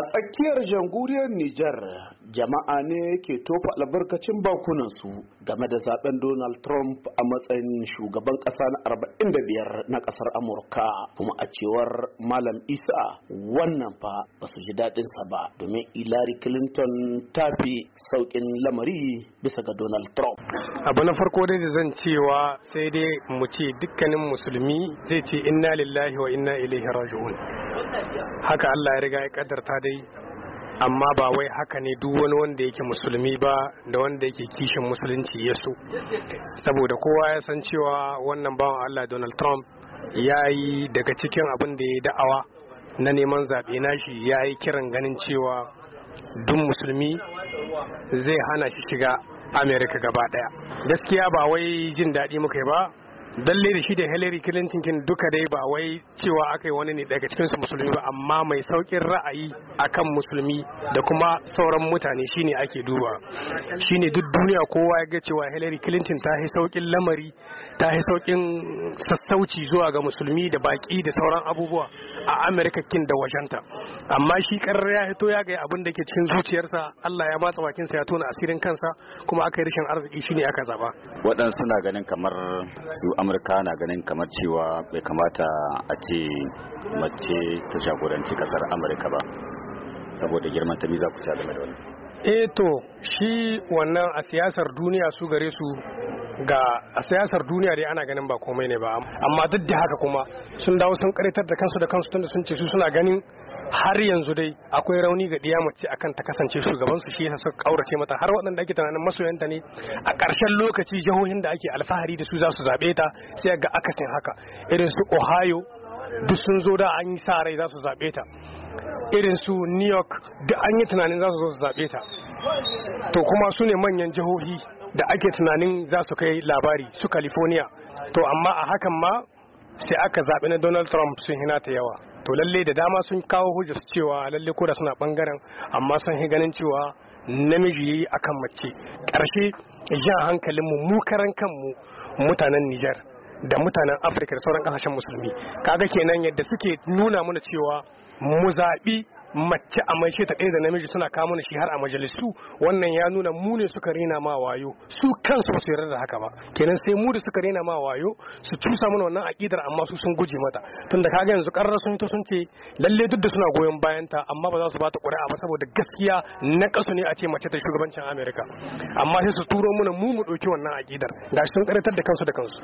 A tsakiyar jamhuriyar Nijar, jama'a ne ke tofa albarkacin bakunansu game da zaben Donald Trump a matsayin shugaban ƙasa na 45 na ƙasar Amurka. Kuma a cewar Malam Isa wannan fa ba su ji daɗinsa ba domin Hillary Clinton ta fi sauƙin lamari bisa ga Donald Trump. Abu na farko dai da zan cewa sai dai mu ce dukkanin musulmi zai ce inna lillahi wa inna ilaihi raji'un. Haka Allah ya riga ya kaddarta da dai amma ba wai haka ne duk wani wanda yake musulmi ba da wanda yake kishin musulunci ya so saboda kowa ya san cewa wannan bawan allah donald trump ya yi daga cikin abin da ya da'awa na neman zaɓe nashi ya yi kiran ganin cewa duk musulmi zai hana shi shiga amerika gaba daya gaskiya ba wai jin daɗi muka yi ba dalle da shi da Hillary Clinton kin duka dai ba wai cewa aka yi wani ne daga cikin su musulmi ba amma mai saukin ra'ayi akan musulmi da kuma sauran mutane shine ake duba shine duk duniya kowa ya ga cewa Hillary Clinton ta yi saukin lamari ta yi saukin sassauci zuwa ga musulmi da baki da sauran abubuwa a Amerika kin da washanta amma shi karar ya hito ya ga abin da ke cikin zuciyarsa Allah ya matsa bakinsa ya tona asirin kansa kuma aka yi rashin arziki shine aka zaba waɗansu suna ganin kamar su amurka na ganin kamar cewa bai kamata a ce mace ta jagoranci kasar amurka ba saboda girman ta za ku ci game da wani eh to shi wannan a siyasar duniya su gare su ga a siyasar duniya dai ana ganin ba komai ne ba amma duk da haka kuma sun dawo sun karitar da kansu da kansu tunda sun ce su suna ganin har yanzu dai akwai rauni ga diya mace akan ta kasance shugabansu shi yasa suka kaurace mata har waɗanda ake tunanin masoyanta ne a ƙarshen lokaci jihohin da ake alfahari da su za su zaɓe ta sai ga akasin haka irin su ohio duk sun zo da an yi sa rai za su zaɓe ta irin su new york duk an yi tunanin za su zo su zaɓe ta to kuma su ne manyan jihohi da ake tunanin za su kai labari su california to amma a hakan ma sai aka zaɓi na donald trump sun hina ta yawa to lalle da dama sun kawo hujja su cewa lalle ko suna bangaren amma sun yi ganin cewa namiji akan mace ƙarshe jan hankalinmu mu karan kanmu mutanen niger da mutanen afirka da sauran kasashen musulmi kaga kenan yadda suke nuna mana cewa mu zaɓi mace a maishe ta da namiji suna kama shi har a majalisu wannan ya nuna mu ne suka rena ma wayo su kansu ba su yarda da haka ba kenan sai mu da suka rena ma wayo su cusa mana wannan akidar amma su sun guje mata tunda kaga yanzu karra sun to sun ce lalle duk da suna goyon bayan ta amma ba za su bata ƙuri'a ba saboda gaskiya na kasu ne a ce mace ta shugabancin Amerika amma sai su turo mana mu mu dauki wannan akidar gashi sun karatar da kansu da kansu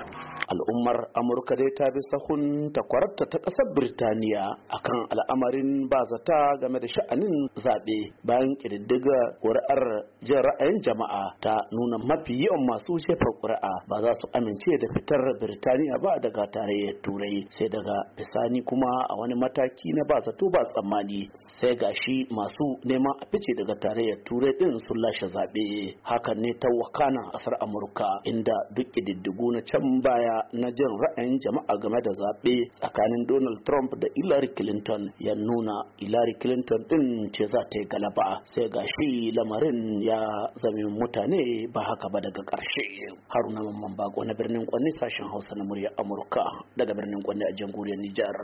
al'ummar Amurka dai ta bi sahun ta kwarta ta ƙasar Birtaniya akan al'amarin ba zata game da sha'anin zaɓe bayan ƙididdiga ƙuri'ar jin ra'ayin jama'a ta nuna mafi yawan masu jefa ƙuri'a ba za su amince da fitar Birtaniya ba daga tarayyar Turai sai daga bisani kuma a wani mataki na ba zato ba tsammani sai gashi masu neman a fice daga tarayyar Turai din sun lashe zaɓe hakan ne ta wakana ƙasar Amurka inda duk ƙididdigu na can baya na jin ra'ayin jama'a game da zaɓe tsakanin Donald Trump da Hillary Clinton ya nuna Hillary clinton din ce za ta yi galaba sai ga shi lamarin ya zame mutane ba haka ba daga ƙarshe haruna mamman bako na birnin kwanne sashen hausa na murya amurka daga birnin kwanne a jamhuriyar nijar